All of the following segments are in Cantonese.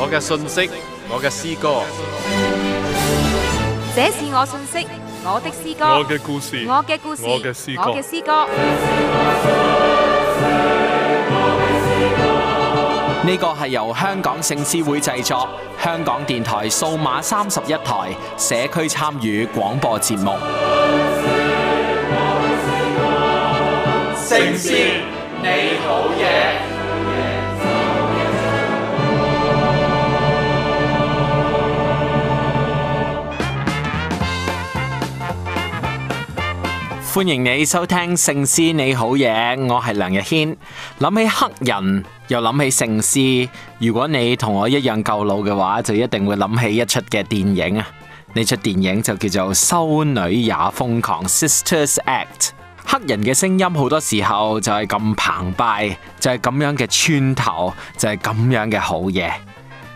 我嘅信息，我嘅詩歌。這是我信息，我的詩歌。我嘅故事，我嘅故事，我嘅詩歌，我嘅詩歌。呢個係由香港聖詩會製作，香港電台數碼三十一台社區參與廣播節目。聖詩，你好嘢。歡迎你收聽聖詩你好嘢，我係梁日軒。諗起黑人又諗起聖詩，如果你同我一樣夠老嘅話，就一定會諗起一出嘅電影啊！呢出電影就叫做《修女也瘋狂 Sisters Act》。黑人嘅聲音好多時候就係咁澎湃，就係咁樣嘅穿透，就係咁樣嘅好嘢。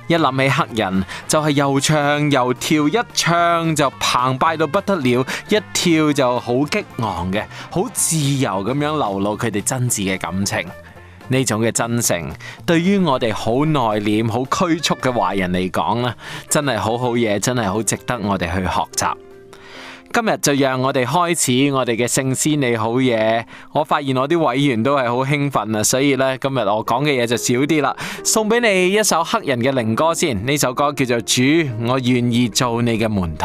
一諗起黑人，就係又唱又跳，一唱就澎湃到不得了，一跳就好激昂嘅，好自由咁樣流露佢哋真摯嘅感情。呢種嘅真誠，對於我哋好內斂、好拘束嘅華人嚟講咧，真係好好嘢，真係好值得我哋去學習。今日就讓我哋開始我哋嘅聖詩你好嘢，我發現我啲委員都係好興奮啊，所以呢，今日我講嘅嘢就少啲啦，送俾你一首黑人嘅靈歌先，呢首歌叫做《主，我願意做你嘅門徒》。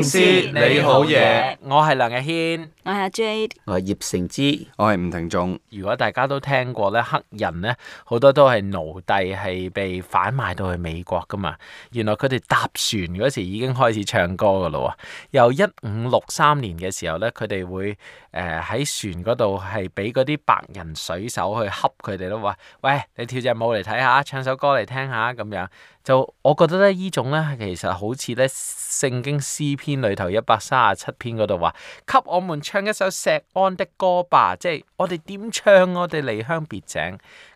靜你好嘢，我係梁日軒，我係阿 Jade，我係葉成之，我係吳庭中。如果大家都聽過咧，黑人咧好多都係奴隸，係被販賣到去美國噶嘛。原來佢哋搭船嗰時已經開始唱歌噶啦。由一五六三年嘅時候咧，佢哋會誒喺、呃、船嗰度係俾嗰啲白人水手去恰佢哋咯。話喂，你跳隻舞嚟睇下，唱首歌嚟聽下咁樣。就我覺得咧，呢種呢種咧其實好似咧。聖經詩篇裏頭一百三十七篇嗰度話，給我們唱一首錫安的歌吧。即係我哋點唱，我哋離鄉別井。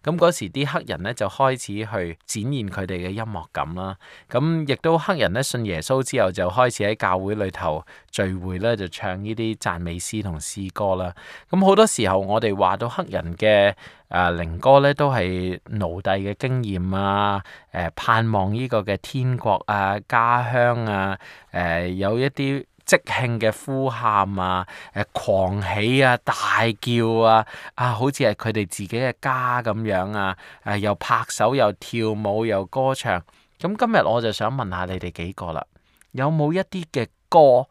咁嗰時啲黑人咧就開始去展現佢哋嘅音樂感啦。咁亦都黑人咧信耶穌之後，就開始喺教會裏頭聚會咧，就唱呢啲讚美詩同詩歌啦。咁好多時候我哋話到黑人嘅。誒靈歌咧都係奴隸嘅經驗啊！誒、呃、盼望呢個嘅天國啊、家鄉啊，誒、呃、有一啲即興嘅呼喊啊、誒、呃、狂喜啊、大叫啊，啊好似係佢哋自己嘅家咁樣啊！誒、呃、又拍手又跳舞又歌唱。咁今日我就想問下你哋幾個啦，有冇一啲嘅歌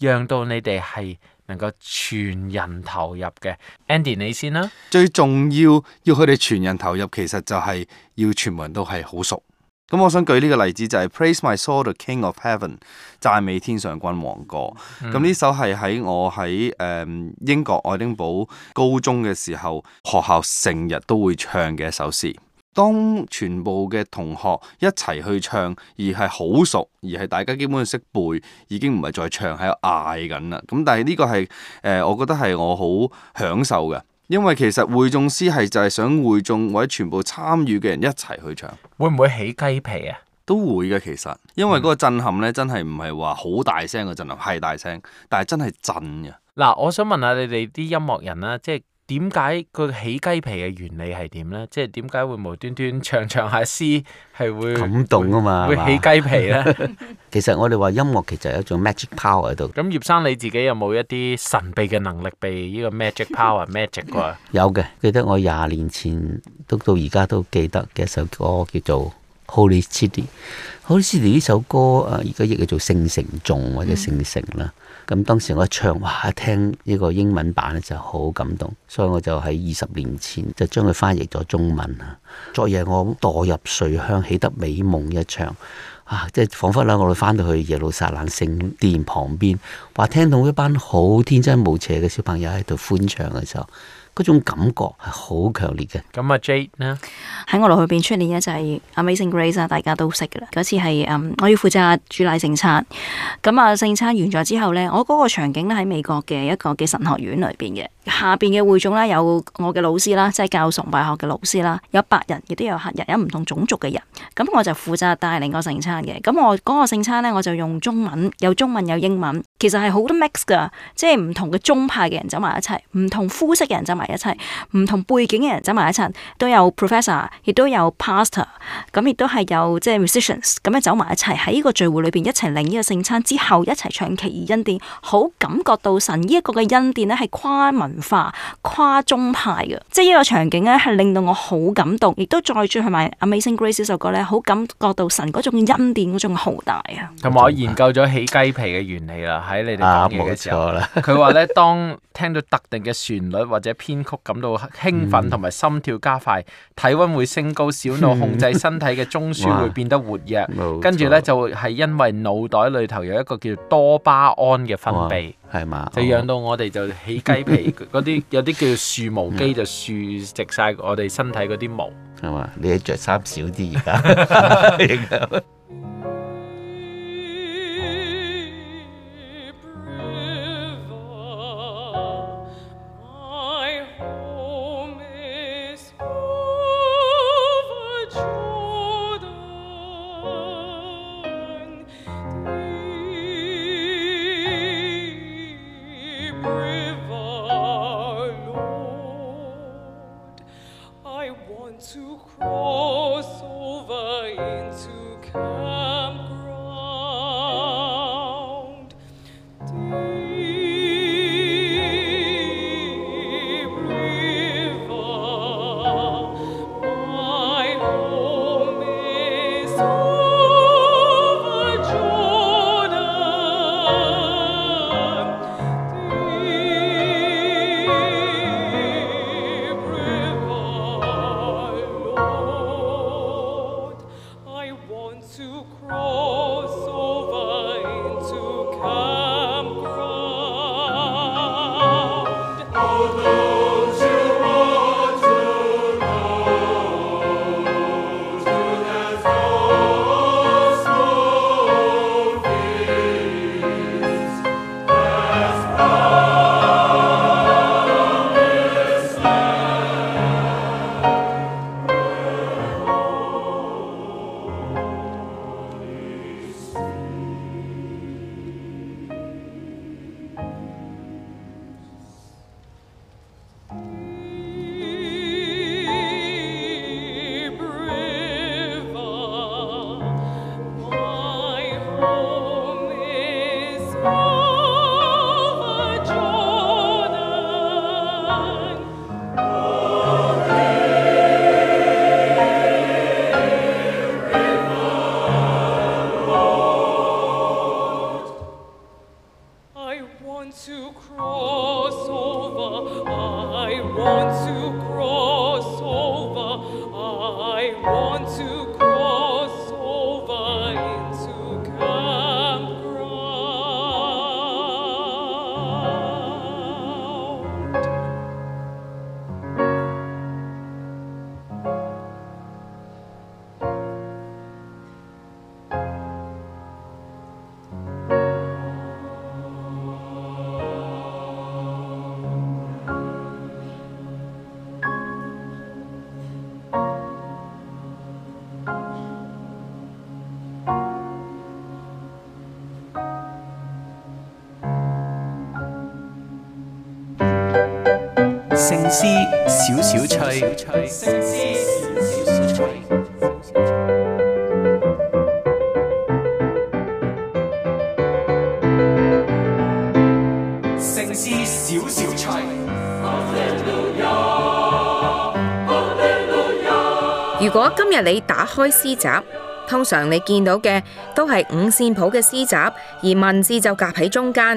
讓到你哋係能夠全人投入嘅 Andy，你先啦。最重要要佢哋全人投入，其實就係要全部人都係好熟。咁我想舉呢個例子就係《Praise, my soul, the King of Heaven》（讚美天上君王歌）。咁呢首係喺我喺誒英國愛丁堡高中嘅時候，學校成日都會唱嘅一首詩。當全部嘅同學一齊去唱，而係好熟，而係大家基本上識背，已經唔係再唱，喺度嗌緊啦。咁但係呢個係誒、呃，我覺得係我好享受嘅，因為其實會眾詩係就係想會眾或者全部參與嘅人一齊去唱。會唔會起雞皮啊？都會嘅，其實因為嗰個震撼咧，真係唔係話好大聲嘅震撼，係大聲，但係真係震嘅。嗱，我想問下你哋啲音樂人啦，即係。點解佢起雞皮嘅原理係點呢？即係點解會無端端唱唱下詩係會感動啊嘛？會起雞皮呢？ 其實我哋話音樂其實有一種 magic power 喺度。 咁葉生你自己有冇一啲神秘嘅能力被呢個 magic power magic 啊？ 有嘅，記得我廿年前都到而家都記得嘅一首歌叫做《Holy City》。《Holy City》呢首歌，誒而家亦叫做聖城頌或者聖城啦。嗯咁當時我一唱，哇！聽呢個英文版咧就好感動，所以我就喺二十年前就將佢翻譯咗中文啊。昨夜我墮入睡鄉，起得美夢一場啊！即係彷彿咧，我哋翻到去耶路撒冷聖殿旁邊，話聽到一班好天真無邪嘅小朋友喺度歡唱嘅時候。嗰種感覺係好強烈嘅。咁啊，Jade 咧喺我腦裏邊出現咧就係 Amazing Grace 啊，大家都識㗎啦。嗰次係我要負責主禮聖餐。咁啊，聖餐完咗之後呢，我嗰個場景咧喺美國嘅一個嘅神學院裏邊嘅，下邊嘅會眾咧有我嘅老師啦，即係教崇拜學嘅老師啦，有白人亦都有黑人，有唔同種族嘅人。咁我就負責帶領個聖餐嘅。咁我嗰個聖餐呢，我就用中文，有中文有英文，其實係好多 mix 噶，即係唔同嘅宗派嘅人走埋一齊，唔同膚色嘅人走埋。一齊，唔同背景嘅人走埋一齊，都有 professor，亦都有 pastor，咁亦都係有即係 musicians，咁樣走埋一齊，喺呢個聚會裏邊一齊領呢個聖餐之後一齊唱奇異恩典，好感覺到神呢一個嘅恩典咧係跨文化跨宗派嘅。即係呢個場景咧係令到我好感動，亦都再轉去埋 Amazing Grace 呢首歌咧，好感覺到神嗰種恩典嗰種浩大啊！同埋我研究咗起雞皮嘅原理啦，喺你哋講嘢嘅時候，佢話咧當聽到特定嘅旋律或者編。感到興奮同埋心跳加快，嗯、體溫會升高，小腦控制身體嘅中樞會變得活躍，嗯、 跟住呢，就係、是、因為腦袋裏頭有一個叫做多巴胺嘅分泌，係嘛，就讓到我哋就起雞皮，嗰啲 有啲叫豎毛肌就豎直晒我哋身體嗰啲毛，係嘛、嗯，你着衫少啲而家。如果今日你打開詩集，通常你見到嘅都係五線譜嘅詩集，而文字就夾喺中間。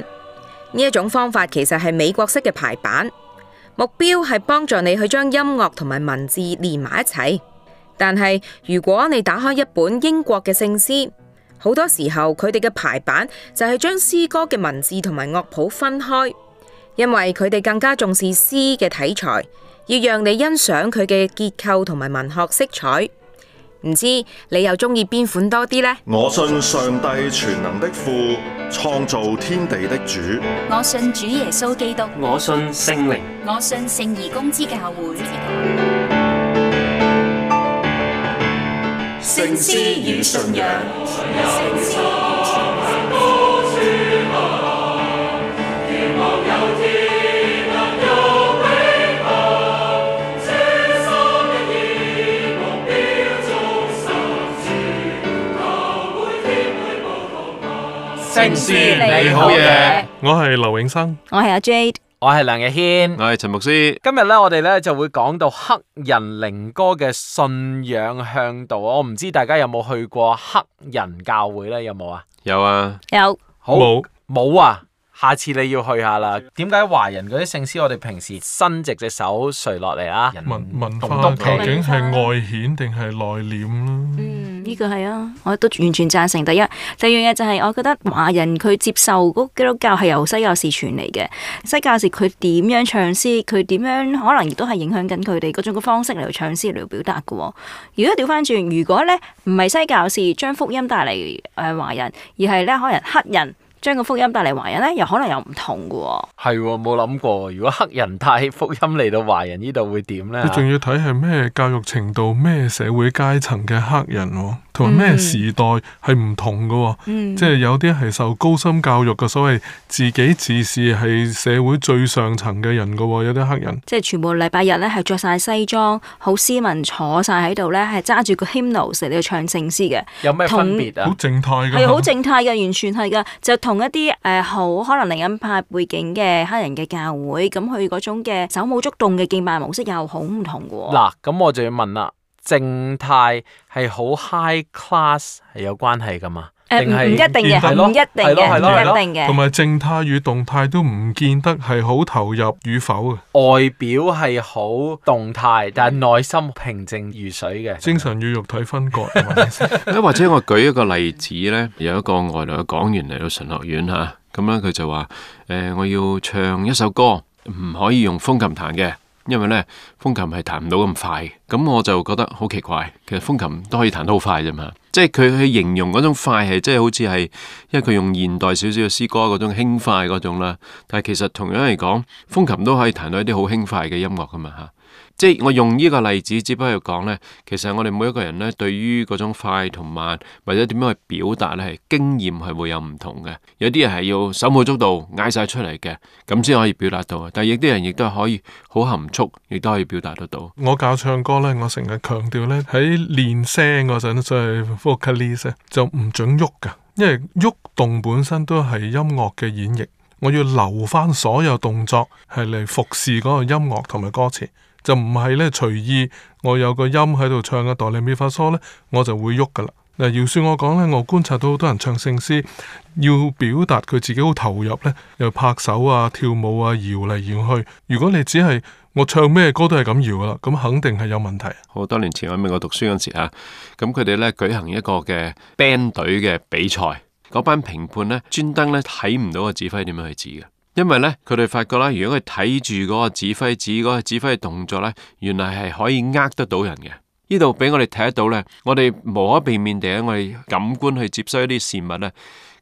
呢一種方法其實係美國式嘅排版。目標係幫助你去將音樂同埋文字連埋一齊，但係如果你打開一本英國嘅聖詩，好多時候佢哋嘅排版就係將詩歌嘅文字同埋樂譜分開，因為佢哋更加重視詩嘅題材，要讓你欣賞佢嘅結構同埋文學色彩。唔知你又中意邊款多啲呢？我信上帝全能的父，創造天地的主。我信主耶穌基督。我信聖靈。我信聖而公之教會。聖詩與信仰。牧師你好嘢，我係劉永生，我係阿 Jade，我係梁日軒，我係陳牧師。今日咧，我哋咧就會講到黑人靈歌嘅信仰向導。我唔知大家有冇去過黑人教會咧？有冇啊？有啊，有，好，冇冇啊？下次你要去下啦。點解華人嗰啲聖詩，我哋平時伸直隻手垂落嚟啊？文文化究竟係外顯定係內斂咧？嗯，依、呢個係啊，我都完全贊成。第一，第二樣嘢就係我覺得華人佢接受基督教係由西教士傳嚟嘅。西教士佢點樣唱詩，佢點樣可能亦都係影響緊佢哋嗰種嘅方式嚟唱詩嚟表達嘅。如果調翻轉，如果咧唔係西教士將福音帶嚟誒華人，而係咧可能黑人。將個福音帶嚟華人咧，又可能有唔同噶喎。係喎，冇諗過，如果黑人帶福音嚟到華人呢度會點咧？你仲要睇係咩教育程度、咩社會階層嘅黑人喎。嗯同咩時代係唔同嘅喎、哦，嗯、即係有啲係受高深教育嘅所謂自己自視係社會最上層嘅人嘅喎、哦，有啲黑人，即係全部禮拜日咧係着晒西裝，好斯文坐晒喺度咧，係揸住個 hymnal 嚟到唱聖詩嘅，有咩分別啊？好靜跟跟態嘅，係好靜態嘅，完全係噶，就同一啲誒好可能靈恩派背景嘅黑人嘅教會咁，佢嗰種嘅手舞足動嘅敬拜模式又好唔同嘅喎、哦。嗱，咁我就要問啦。靜態係好 high class 係有關係噶嘛？誒，唔、呃、一定嘅，唔一定嘅，唔的的一定嘅。同埋靜態與動態都唔見得係好投入與否嘅。外表係好動態，但係內心平靜如水嘅。精神與肉體分割。啊， 或者我舉一個例子咧，有一個外來嘅港員嚟到神學院吓，咁咧佢就話：誒、呃，我要唱一首歌，唔可以用風琴彈嘅。因為呢，風琴係彈唔到咁快嘅，咁我就覺得好奇怪。其實風琴都可以彈得好快啫嘛，即係佢去形容嗰種快係，即係好似係因為佢用現代少少嘅詩歌嗰種輕快嗰種啦。但係其實同樣嚟講，風琴都可以彈到一啲好輕快嘅音樂噶嘛吓。即係我用呢個例子，只不過講呢，其實我哋每一個人呢，對於嗰種快同慢，或者點樣去表達呢，係經驗係會有唔同嘅。有啲人係要手舞足蹈嗌晒出嚟嘅，咁先可以表達到，但係有啲人亦都係可以好含蓄，亦都可以表達得到。我教唱歌呢，我成日強調呢，喺練聲嗰陣，即係 focus 就唔准喐噶，因為喐動本身都係音樂嘅演繹。我要留翻所有動作係嚟服侍嗰個音樂同埋歌詞。就唔係咧隨意，我有個音喺度唱嘅《哆唻咪發嗦》咧，我就會喐噶啦。嗱，饒恕我講咧，我觀察到好多人唱聖詩要表達佢自己好投入咧，又拍手啊、跳舞啊、搖嚟搖去。如果你只係我唱咩歌都係咁搖啦，咁肯定係有問題。好多年前我喺美國讀書嗰陣時吓，咁佢哋咧舉行一個嘅 band 隊嘅比賽，嗰班評判咧專登咧睇唔到個指揮點樣去指嘅。因為咧，佢哋發覺咧，如果佢睇住嗰個指揮指嗰個指揮嘅動作咧，原來係可以呃得到人嘅。呢度俾我哋睇得到咧，我哋無可避免地喺我哋感官去接收一啲事物咧，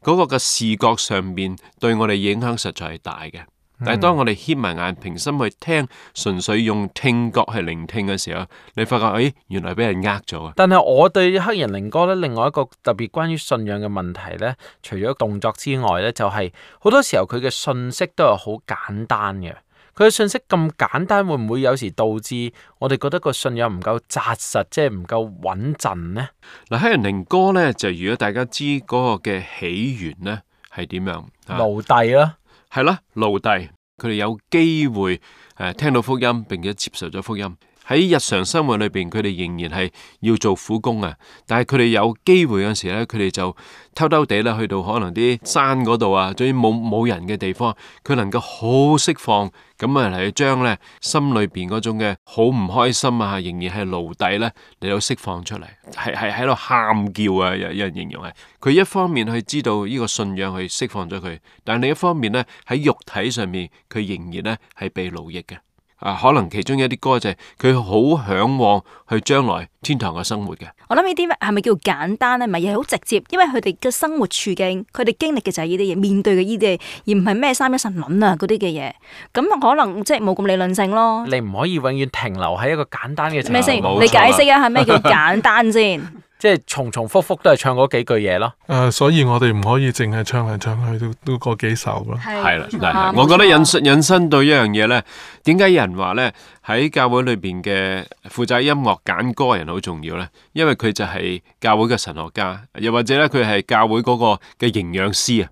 嗰個嘅視覺上面對我哋影響實在係大嘅。但係當我哋掀埋眼，平心去聽，純粹用聽覺去聆聽嘅時候，你發覺誒、哎，原來俾人呃咗啊！但係我對黑人靈歌咧，另外一個特別關於信仰嘅問題咧，除咗動作之外咧，就係、是、好多時候佢嘅信息都係好簡單嘅。佢嘅信息咁簡單，會唔會有時導致我哋覺得個信仰唔夠紮實，即係唔夠穩陣呢？嗱，黑人靈歌咧，就如果大家知嗰個嘅起源咧，係點樣？奴隸啦！係啦，奴隸佢哋有機會誒、啊、聽到福音，並且接受咗福音。喺日常生活裏邊，佢哋仍然係要做苦工啊！但係佢哋有機會嗰時咧，佢哋就偷偷地咧去到可能啲山嗰度啊，總之冇冇人嘅地方，佢能夠好釋放咁啊嚟去將咧心裏邊嗰種嘅好唔開心啊，仍然係奴隸咧嚟到釋放出嚟，係係喺度喊叫啊！有人形容係佢一方面去知道呢個信仰去釋放咗佢，但另一方面咧喺肉體上面，佢仍然咧係被奴役嘅。啊，可能其中有一啲歌就係佢好向往去將來天堂嘅生活嘅。我諗呢啲係咪叫簡單咧？咪，係，好直接，因為佢哋嘅生活處境，佢哋經歷嘅就係呢啲嘢，面對嘅呢啲嘢，而唔係咩三一神論啊嗰啲嘅嘢。咁可能即係冇咁理論性咯。你唔可以永遠停留喺一個簡單嘅層面。咩先？啊、你解釋一下咩叫簡單先？ 即係重重複複都係唱嗰幾句嘢咯。誒，uh, 所以我哋唔可以淨係唱嚟唱去都，都都嗰幾首咯。係啦，嗱，我覺得引引申到一樣嘢咧，點解有人話咧喺教會裏邊嘅負責音樂揀歌人好重要咧？因為佢就係教會嘅神學家，又或者咧佢係教會嗰個嘅營養師啊。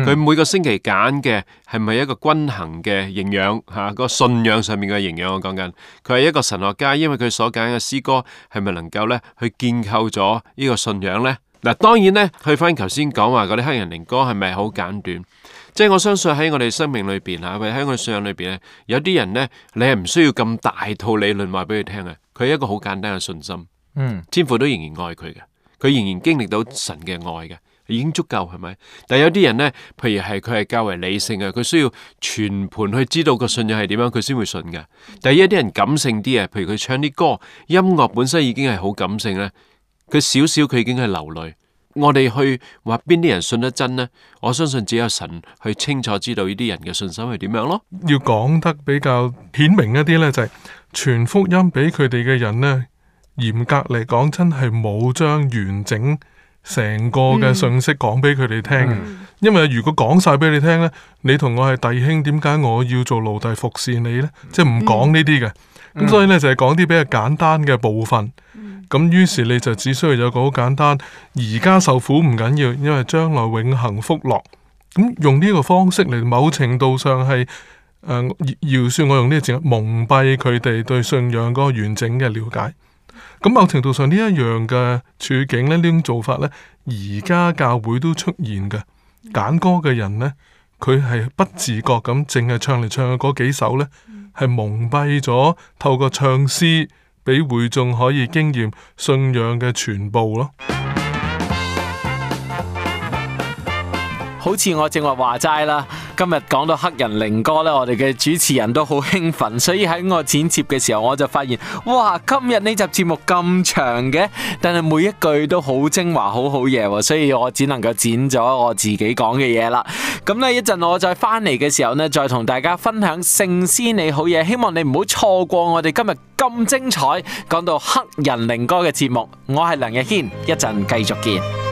佢每個星期揀嘅係咪一個均衡嘅營養嚇？個信仰上面嘅營養我講緊，佢係一個神學家，因為佢所揀嘅詩歌係咪能夠咧去建構咗呢個信仰咧？嗱，當然咧，去翻頭先講話嗰啲黑人靈歌係咪好簡短？即係我相信喺我哋生命裏邊嚇，喺我信仰裏邊咧，有啲人咧，你係唔需要咁大套理論話俾佢聽嘅，佢係一個好簡單嘅信心，天父都仍然愛佢嘅，佢仍然經歷到神嘅愛嘅。已經足夠係咪？但係有啲人呢，譬如係佢係較為理性嘅，佢需要全盤去知道個信仰係點樣，佢先會信嘅。但係一啲人感性啲啊，譬如佢唱啲歌，音樂本身已經係好感性呢，佢少少佢已經係流淚。我哋去話邊啲人信得真呢？我相信只有神去清楚知道呢啲人嘅信心係點樣咯。要講得比較顯明一啲呢，就係、是、傳福音俾佢哋嘅人呢，嚴格嚟講真係冇將完整。成個嘅信息講俾佢哋聽，嗯、因為如果講晒俾你聽呢，你同我係弟兄，點解我要做奴隸服侍你呢？即係唔講呢啲嘅，咁、嗯、所以呢，就係、是、講啲比較簡單嘅部分。咁於是你就只需要有個好簡單，而家受苦唔緊要，因為將來永恆福樂。咁用呢個方式嚟，某程度上係誒，饒、呃、恕我用呢個字蒙蔽佢哋對信仰嗰個完整嘅了解。咁某程度上呢一樣嘅處境呢，呢種做法呢，而家教會都出現嘅揀歌嘅人呢，佢係不自覺咁，淨係唱嚟唱去嗰幾首呢，係蒙蔽咗透過唱詩，俾會眾可以經驗信仰嘅全部咯。好似我正話話齋啦，今日講到黑人靈歌呢，我哋嘅主持人都好興奮，所以喺我剪接嘅時候，我就發現，哇，今日呢集節目咁長嘅，但係每一句都好精華，好好嘢！所以我只能夠剪咗我自己講嘅嘢啦。咁呢一陣我再返嚟嘅時候呢，再同大家分享聖詩你好嘢，希望你唔好錯過我哋今日咁精彩講到黑人靈歌嘅節目。我係梁日軒，一陣繼續見。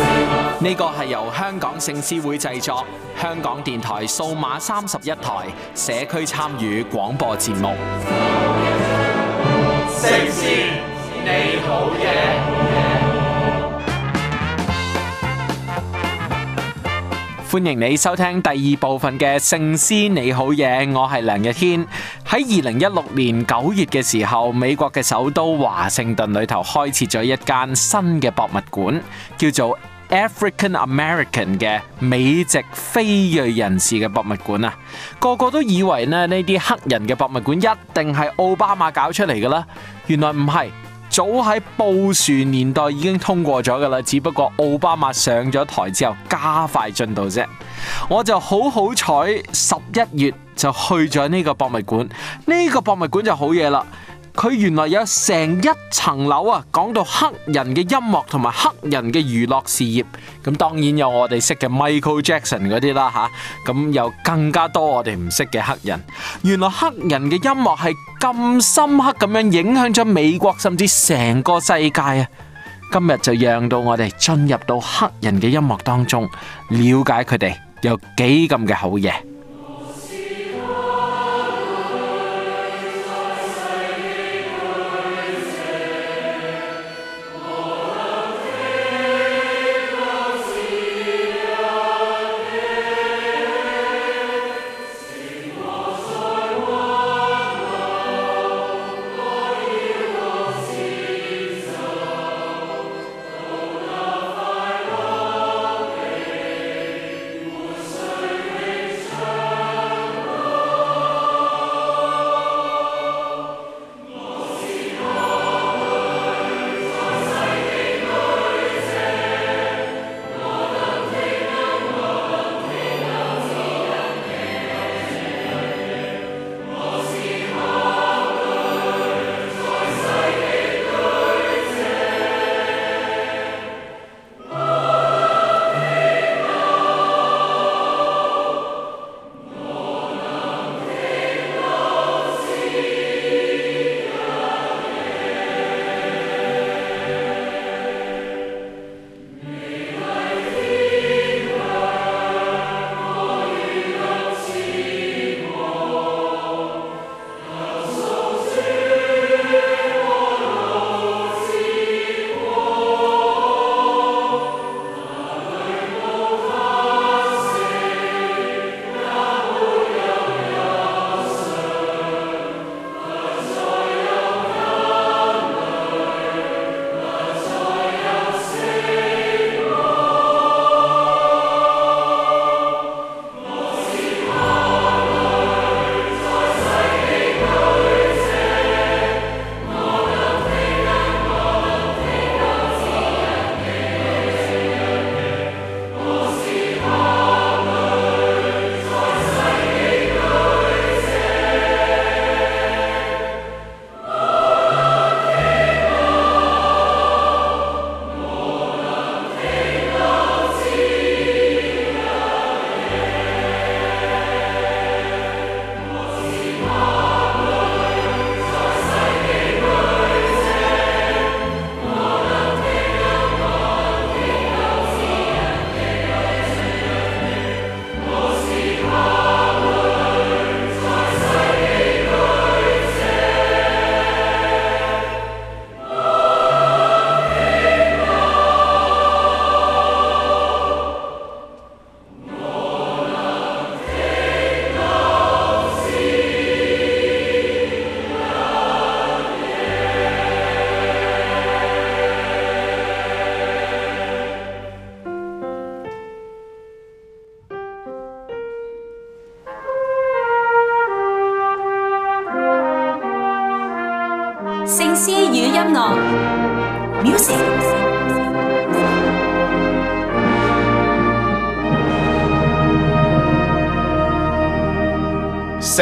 呢個係由香港聖詩會製作，香港電台數碼三十一台社區參與廣播節目。聖詩你好嘢，歡迎你收聽第二部分嘅《聖詩你好嘢》。我係梁日軒。喺二零一六年九月嘅時候，美國嘅首都華盛頓裏頭開設咗一間新嘅博物館，叫做 African American 嘅美籍非裔人士嘅博物館啊，個個都以為咧呢啲黑人嘅博物館一定係奧巴馬搞出嚟噶啦，原來唔係，早喺布殊年代已經通過咗噶啦，只不過奧巴馬上咗台之後加快進度啫。我就好好彩，十一月就去咗呢個博物館，呢個博物館就好嘢啦。佢原來有成一層樓啊，講到黑人嘅音樂同埋黑人嘅娛樂事業，咁當然有我哋識嘅 Michael Jackson 嗰啲啦吓，咁、啊、有更加多我哋唔識嘅黑人。原來黑人嘅音樂係咁深刻咁樣影響咗美國，甚至成個世界啊！今日就讓到我哋進入到黑人嘅音樂當中，了解佢哋有幾咁嘅好嘢。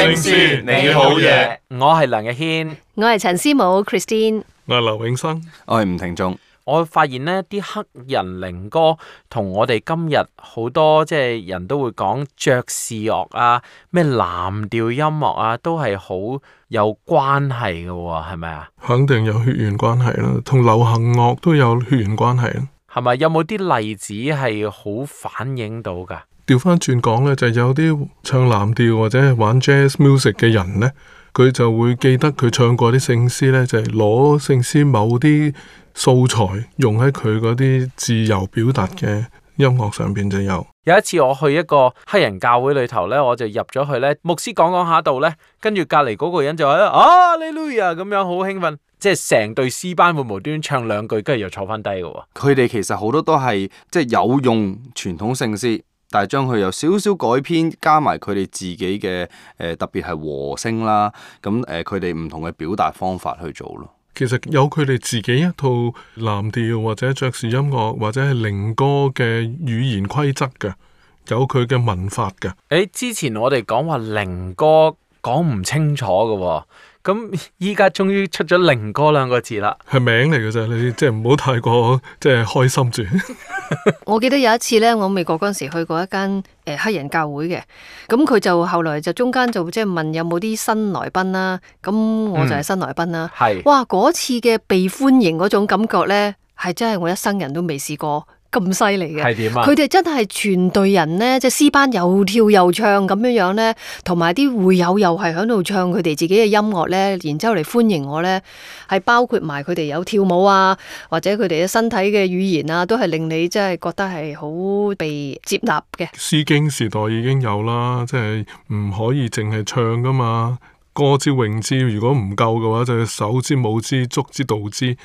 你好嘢。我係梁日謙，Christine，我係陳師母 Christine 我係劉永生，我係吳庭忠。 我發現呢啲黑人靈歌同我哋今日好多即係人都會講爵士樂啊，咩藍調音樂啊，都係好有關係嘅，哦，係咪啊？肯定有血緣關係啦，同流行樂都有血緣關係啦。係咪有冇啲例子係好反映到噶？調翻轉講咧，就係，有啲唱藍調或者玩 jazz music 嘅人呢，佢就會記得佢唱過啲聖詩呢，就係攞聖詩某啲素材用喺佢嗰啲自由表達嘅音樂上邊就有。有一次我去一個黑人教會裏頭呢，我就入咗去呢，牧師講講下度呢，跟住隔籬嗰個人就話，啊哈利路亞啊咁樣，好興奮，即係成隊詩班會無端唱兩句，跟住又坐翻低嘅。佢哋其實好多都係即係有用傳統聖詩。但係將佢由少少改編，加埋佢哋自己嘅誒、呃，特別係和聲啦。咁、啊、誒，佢哋唔同嘅表達方法去做咯。其實有佢哋自己一套藍調或者爵士音樂或者係靈歌嘅語言規則㗎，有佢嘅文法㗎。誒、欸，之前我哋講話靈歌講唔清楚嘅喎、啊。咁依家終於出咗「靈歌」兩個字啦，係名嚟嘅啫，你即係唔好太過 即係開心住。 我記得有一次咧，我美國嗰陣時去過一間誒黑人教會嘅，咁佢就後來就中間就即係問有冇啲新來賓啦、啊，咁我就係新來賓啦、啊，係、嗯，哇嗰次嘅被歡迎嗰種感覺咧，係真係我一生人都未試過。咁犀利嘅，係點呀？佢哋、啊、真係全隊人呢，即係詩班又跳又唱咁樣樣呢，同埋啲會友又係喺度唱佢哋自己嘅音樂呢。然之後嚟歡迎我呢，係包括埋佢哋有跳舞啊，或者佢哋嘅身體嘅語言啊，都係令你即係覺得係好被接納嘅。詩經時代已經有啦，即係唔可以淨係唱噶嘛，歌之詠之，如果唔夠嘅話，就要、是、手之舞之，足之蹈之。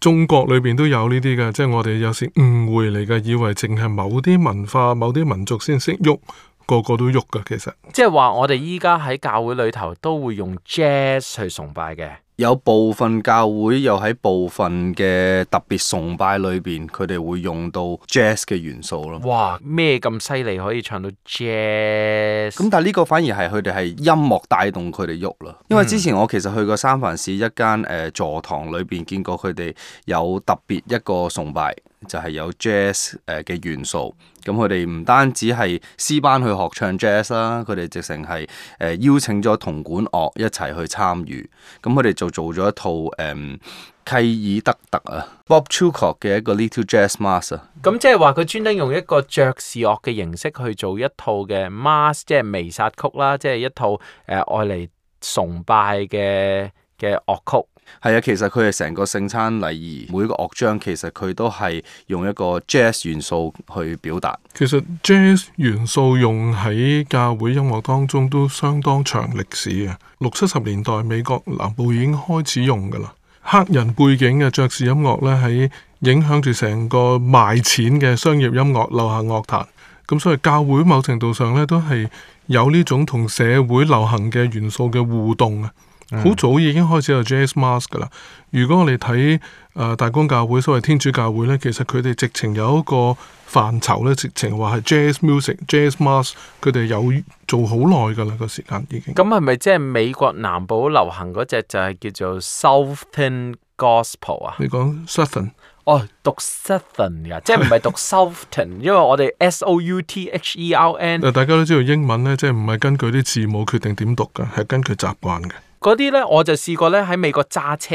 中國裏邊都有呢啲嘅，即係我哋有時誤會嚟嘅，以為淨係某啲文化、某啲民族先識喐，個個都喐嘅。其實，即係話我哋依家喺教會裏頭都會用 jazz 去崇拜嘅。有部分教會又喺部分嘅特別崇拜裏邊，佢哋會用到 jazz 嘅元素咯。哇！咩咁犀利可以唱到 jazz？咁但係呢個反而係佢哋係音樂帶動佢哋喐啦。因為之前我其實去過三藩市一間誒、呃、座堂裏邊見過佢哋有特別一個崇拜，就係有 jazz 誒嘅元素，咁佢哋唔單止係 C 班去學唱 jazz 啦，佢哋直情係誒邀請咗銅管樂一齊去參與，咁佢哋就做咗一套誒、嗯、契爾德特啊，Bob Chilcott 嘅一個 Little Jazz Mass 啊，咁即係話佢專登用一個爵士樂嘅形式去做一套嘅 mass，即係彌撒曲啦，即係一套誒愛嚟崇拜嘅嘅樂曲。係啊，其實佢係成個聖餐禮儀每個樂章，其實佢都係用一個 jazz 元素去表達。其實 jazz 元素用喺教會音樂當中都相當長歷史啊。六七十年代美國南部已經開始用㗎喇，黑人背景嘅爵士音樂咧，喺影響住成個賣錢嘅商業音樂流行樂壇。咁所以教會某程度上咧，都係有呢種同社會流行嘅元素嘅互動啊。好早已經開始有 Jazz Mask 噶啦。如果我哋睇誒大公教會、所謂天主教會咧，其實佢哋直情有一個範疇咧，直情話係 jazz music、jazz Mask，佢哋有做好耐噶啦個時間已經。咁係咪即係美國南部流行嗰隻就係叫做 Southern Gospel 啊？你講 Southern 哦，讀 Southern 㗎，啊， 即係唔係讀 Southern？因為我哋 S, s O U T H E R N。大家都知道英文咧，即係唔係根據啲字母決定點讀㗎？係根據習慣嘅。嗰啲咧，我就試過咧，喺美國揸車，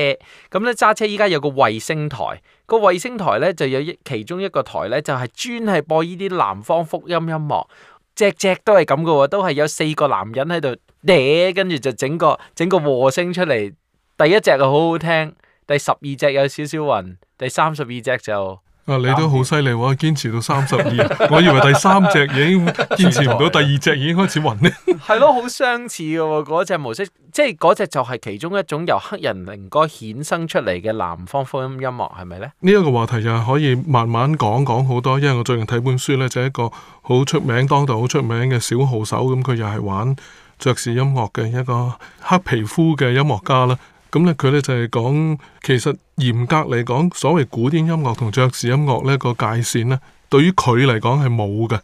咁咧揸車依家有個衛星台，個衛星台咧就有一其中一個台咧就係、是、專係播呢啲南方福音音樂，只只都係咁嘅喎，都係有四個男人喺度嗲。跟住就整個整個和聲出嚟，第一隻就好好聽，第十二隻有少少暈，第三十二隻就。啊！你都好犀利喎，堅持到三十二。我以為第三隻已經堅持唔到， 第二隻已經開始暈呢。係咯，好 相似嘅喎，嗰隻模式，即係嗰隻就係其中一種由黑人靈歌衍生出嚟嘅南方福音音樂，係咪呢？呢一個話題就係可以慢慢講講好多，因為我最近睇本書呢，就係、一個好出名、當道好出名嘅小號手，咁佢又係玩爵士音樂嘅一個黑皮膚嘅音樂家啦。咁呢，佢咧就係講，其實嚴格嚟講，所謂古典音樂同爵士音樂呢個界線呢，對於佢嚟講係冇嘅，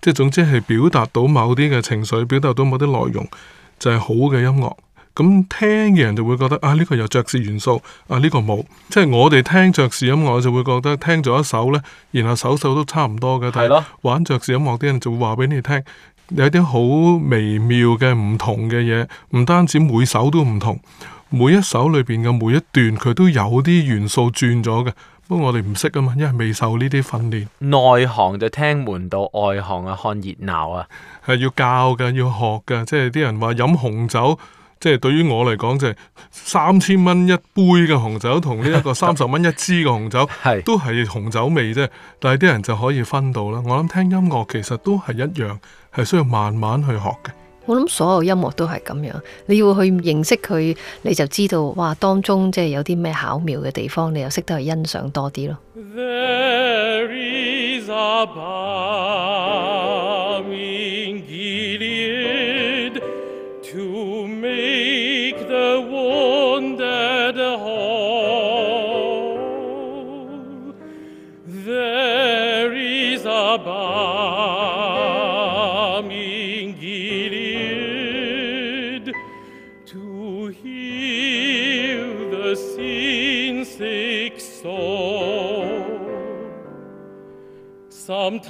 即係總之係表達到某啲嘅情緒，表達到某啲內容就係好嘅音樂。咁聽嘅人就會覺得啊，呢個有爵士元素，啊呢個冇。即係我哋聽爵士音樂，就會覺得聽咗一首呢，然後首首都差唔多嘅。係咯。但係玩爵士音樂啲人就會話俾你聽，有啲好微妙嘅唔同嘅嘢，唔單止每首都唔同。每一首裏邊嘅每一段，佢都有啲元素轉咗嘅。不過我哋唔識啊嘛，因為未受呢啲訓練。內行就聽門道，外行啊看熱鬧啊，係要教嘅，要學嘅。即係啲人話飲紅酒，即係對於我嚟講就係三千蚊一杯嘅紅酒，同呢一個三十蚊一支嘅紅酒， 都係紅酒味啫。但係啲人就可以分到啦。我諗聽音樂其實都係一樣，係需要慢慢去學嘅。我諗所有音樂都係咁樣，你要去認識佢，你就知道哇當中即係有啲咩巧妙嘅地方，你又識得去欣賞多啲咯。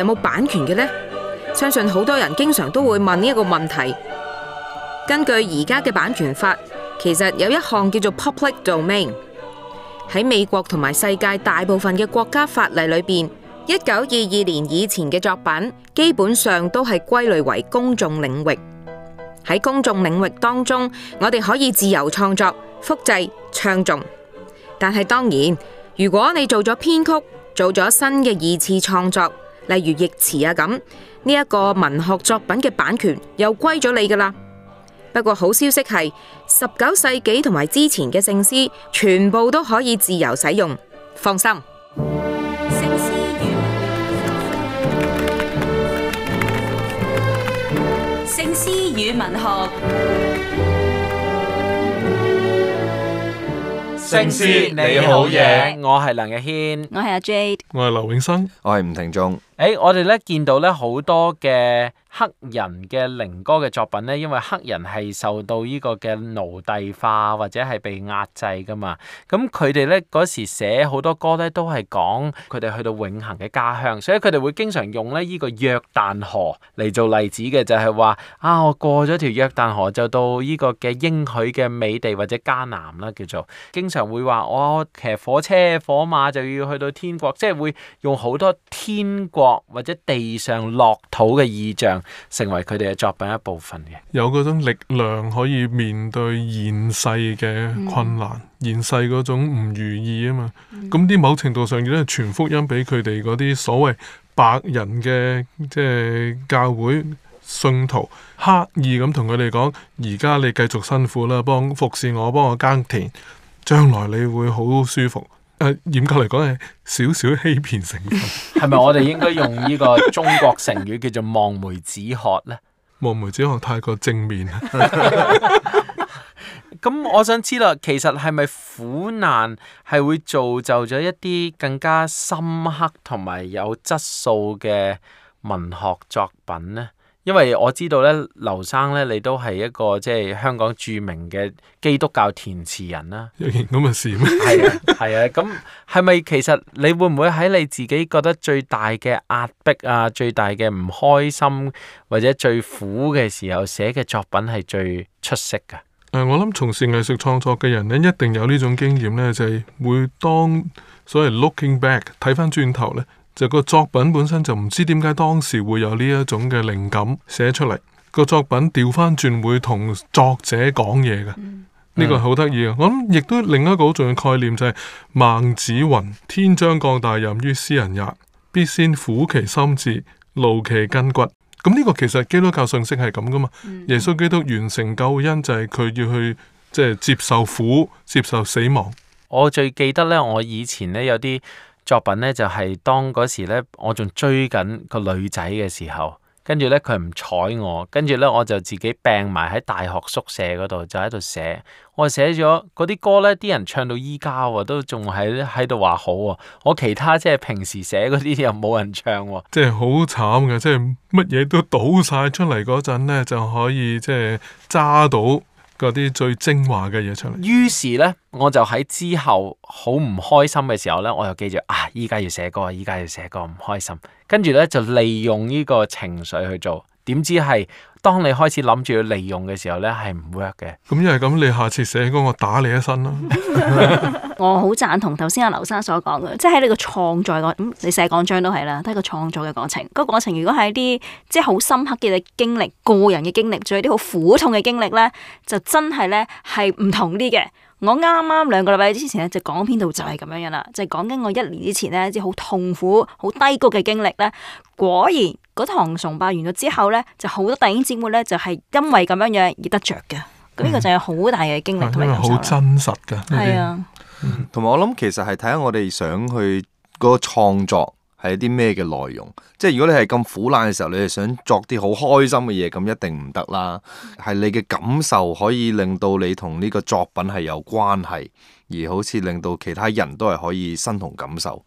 有冇版權嘅呢？相信好多人經常都會問呢一個問題。根據而家嘅版權法，其實有一項叫做 public domain。喺美國同埋世界大部分嘅國家法例裏邊，一九二二年以前嘅作品基本上都係歸類為公眾領域。喺公眾領域當中，我哋可以自由創作、複製、唱誦。但係當然，如果你做咗編曲，做咗新嘅二次創作。例如譯詞啊咁，呢一個文學作品嘅版權又歸咗你噶啦。不過好消息係，十九世紀同埋之前嘅聖詩全部都可以自由使用，放心。聖詩與文學，聖詩與文學，聖詩你好嘢，我係梁日軒，我係阿 Jade，我係劉永生，我係吳庭仲。誒、哎，我哋咧見到咧好多嘅黑人嘅靈歌嘅作品咧，因為黑人係受到呢個嘅奴隸化或者係被壓制㗎嘛，咁佢哋咧嗰時寫好多歌咧都係講佢哋去到永恆嘅家鄉，所以佢哋會經常用咧呢個約旦河嚟做例子嘅，就係、是、話啊，我過咗條約旦河就到呢個嘅應許嘅美地或者迦南啦，叫做經常會話我騎火車火馬就要去到天國，即係會用好多天國。或者地上落土嘅意象，成為佢哋嘅作品一部分嘅，有嗰種力量可以面對現世嘅困難，嗯、現世嗰種唔如意啊嘛。咁啲、嗯、某程度上亦都係傳福音俾佢哋嗰啲所謂白人嘅即係教會信徒，刻意咁同佢哋講：而家你繼續辛苦啦，幫服侍我，幫我耕田，將來你會好舒服。誒，嚴格嚟講係少少欺騙成分。係咪， 我哋應該用呢個中國成語叫做望梅止渴呢？望梅止渴太過正面啦。咁 我想知啦，其實係咪苦難係會造就咗一啲更加深刻同埋有質素嘅文學作品呢？因為我知道咧，劉生咧，你都係一個即係香港著名嘅基督教填詞人啦。有咁嘅事咩？係 啊，係啊。咁係咪其實你會唔會喺你自己覺得最大嘅壓迫啊，最大嘅唔開心或者最苦嘅時候寫嘅作品係最出色噶？誒、呃，我諗從事藝術創作嘅人咧，一定有呢種經驗咧，就係、是、會當所謂 looking back 睇翻轉頭咧。就個作品本身就唔知點解當時會有呢一種嘅靈感寫出嚟，個作品調翻轉會同作者講嘢嘅，呢、嗯、個好得意嘅。嗯、我諗亦都另一個好重要概念就係、是、孟子云：天將降大任於斯人也，必先苦其心志，勞其筋骨。咁呢個其實基督教信息係咁噶嘛？嗯、耶穌基督完成救恩就係佢要去即係、就是、接受苦，接受死亡。我最記得咧，我以前咧有啲。作品咧就係、是、當嗰時咧，我仲追緊個女仔嘅時候，跟住咧佢唔睬我，跟住咧我就自己病埋喺大學宿舍嗰度就喺度寫，我寫咗嗰啲歌咧，啲人唱到依家喎，都仲喺喺度話好喎，我其他即係平時寫嗰啲又冇人唱喎，即係好慘嘅，即係乜嘢都倒晒出嚟嗰陣咧就可以即係揸到嗰啲最精華嘅嘢出嚟，於是咧我就喺之後好唔開心嘅時候咧，我就我又記住啊！依家要寫歌，依家要寫歌唔開心，跟住咧就利用呢個情緒去做。點知係當你開始諗住要利用嘅時候咧，係唔 work 嘅。咁因為咁，你下次寫歌， 我打你一身咯。我好贊同頭先阿劉生所講嘅，即係喺呢個創作個、嗯，你寫講章都係啦，都係個創作嘅過程。個過程如果係一啲即係好深刻嘅經歷、個人嘅經歷，仲有啲好苦痛嘅經歷咧，就真係咧係唔同啲嘅。我啱啱兩個禮拜之前咧就講篇度就係咁樣樣啦，就講緊我一年之前呢，一啲好痛苦、好低谷嘅經歷咧，果然。嗰堂崇拜完咗之後呢，就好多大型節目呢，就係因為咁樣樣而得着嘅。咁呢個就有好大嘅經歷同埋好真實嘅，係啊，同埋我諗其實係睇下我哋想去個創作係一啲咩嘅內容。即係如果你係咁苦難嘅時候，你係想作啲好開心嘅嘢，咁一定唔得啦。係你嘅感受可以令到你同呢個作品係有關係，而好似令到其他人都係可以身同感受。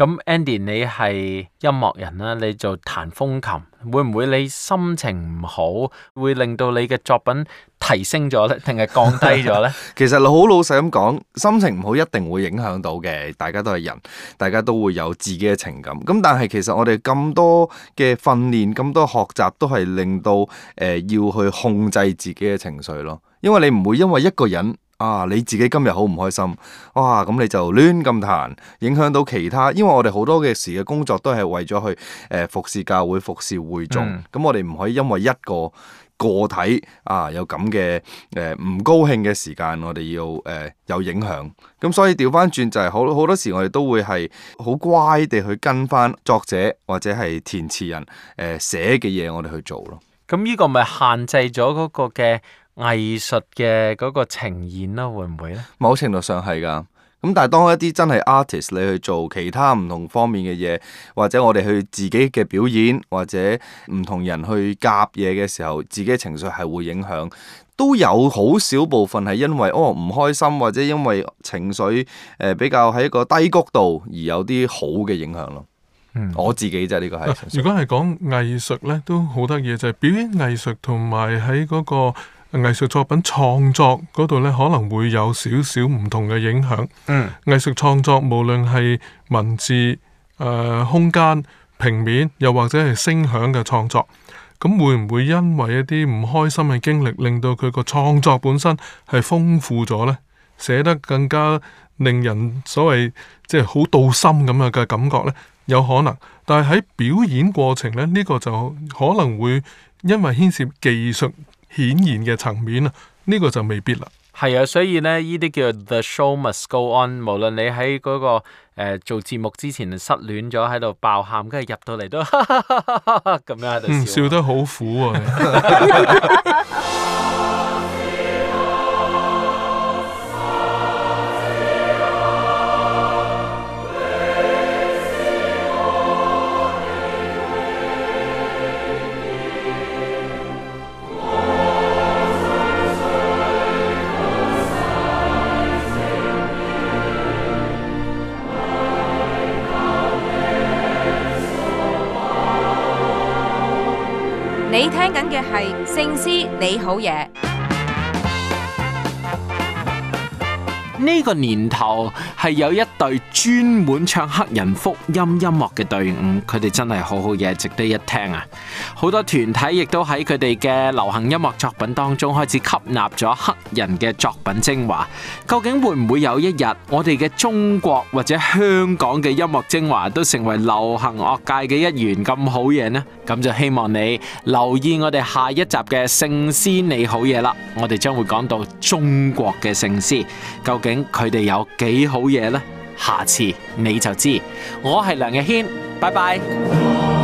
咁 Andy 你係音樂人啦，你做彈風琴，會唔會你心情唔好會令到你嘅作品提升咗呢？定係降低咗呢？ 其實好老實咁講，心情唔好一定會影響到嘅，大家都係人，大家都會有自己嘅情感。咁但係其實我哋咁多嘅訓練，咁多學習都係令到誒、呃、要去控制自己嘅情緒咯，因為你唔會因為一個人。啊！你自己今日好唔開心啊！咁你就亂咁彈，影響到其他。因為我哋好多嘅時嘅工作都係為咗去誒、呃、服侍教會、服侍會眾。咁、嗯、我哋唔可以因為一個個體啊有咁嘅誒唔高興嘅時間，我哋要誒、呃、有影響。咁所以調翻轉就係、是、好好多時，我哋都會係好乖地去跟翻作者或者係填詞人誒寫嘅嘢，呃、我哋去做咯。咁呢、嗯、個咪限制咗嗰個嘅？藝術嘅嗰個呈現啦，會唔會咧？某程度上係噶咁但係當一啲真係 artist 你去做其他唔同方面嘅嘢，或者我哋去自己嘅表演，或者唔同人去夾嘢嘅時候，自己情緒係會影響，都有好少部分係因為哦唔開心，或者因為情緒誒比較喺一個低谷度而有啲好嘅影響咯。嗯，我自己啫，就係，呢、呢個係。如果係講藝術咧，都好得意就係、係、表演藝術同埋喺嗰個。藝術作品創作嗰度咧，可能會有少少唔同嘅影響。嗯。藝術創作無論係文字、誒空間、平面，又或者係聲響嘅創作，咁會唔會因為一啲唔開心嘅經歷，令到佢個創作本身係豐富咗咧，寫得更加令人所謂即係好到心咁樣嘅感覺咧，有可能。但係喺表演過程咧，呢個就可能會因為牽涉技術。顯然嘅層面啊，呢、這個就未必啦。係啊，所以咧，呢啲叫 The show must go on。無論你喺嗰個誒做節目之前失戀咗，喺度爆喊，跟住入到嚟都哈哈咁樣喺度笑得好苦啊！ 你聽緊嘅係聖詩，你好嘢。呢個年頭係有一隊專門唱黑人福音音樂嘅隊伍，佢哋真係好好嘢，值得一聽啊！好多團體亦都喺佢哋嘅流行音樂作品當中開始吸納咗黑人嘅作品精華。究竟會唔會有一日我哋嘅中國或者香港嘅音樂精華都成為流行樂界嘅一員咁好嘢呢？咁就希望你留意我哋下一集嘅聖詩你好嘢啦，我哋將會講到中國嘅聖詩究竟。佢哋有幾好嘢呢？下次你就知。我係梁日軒，拜拜。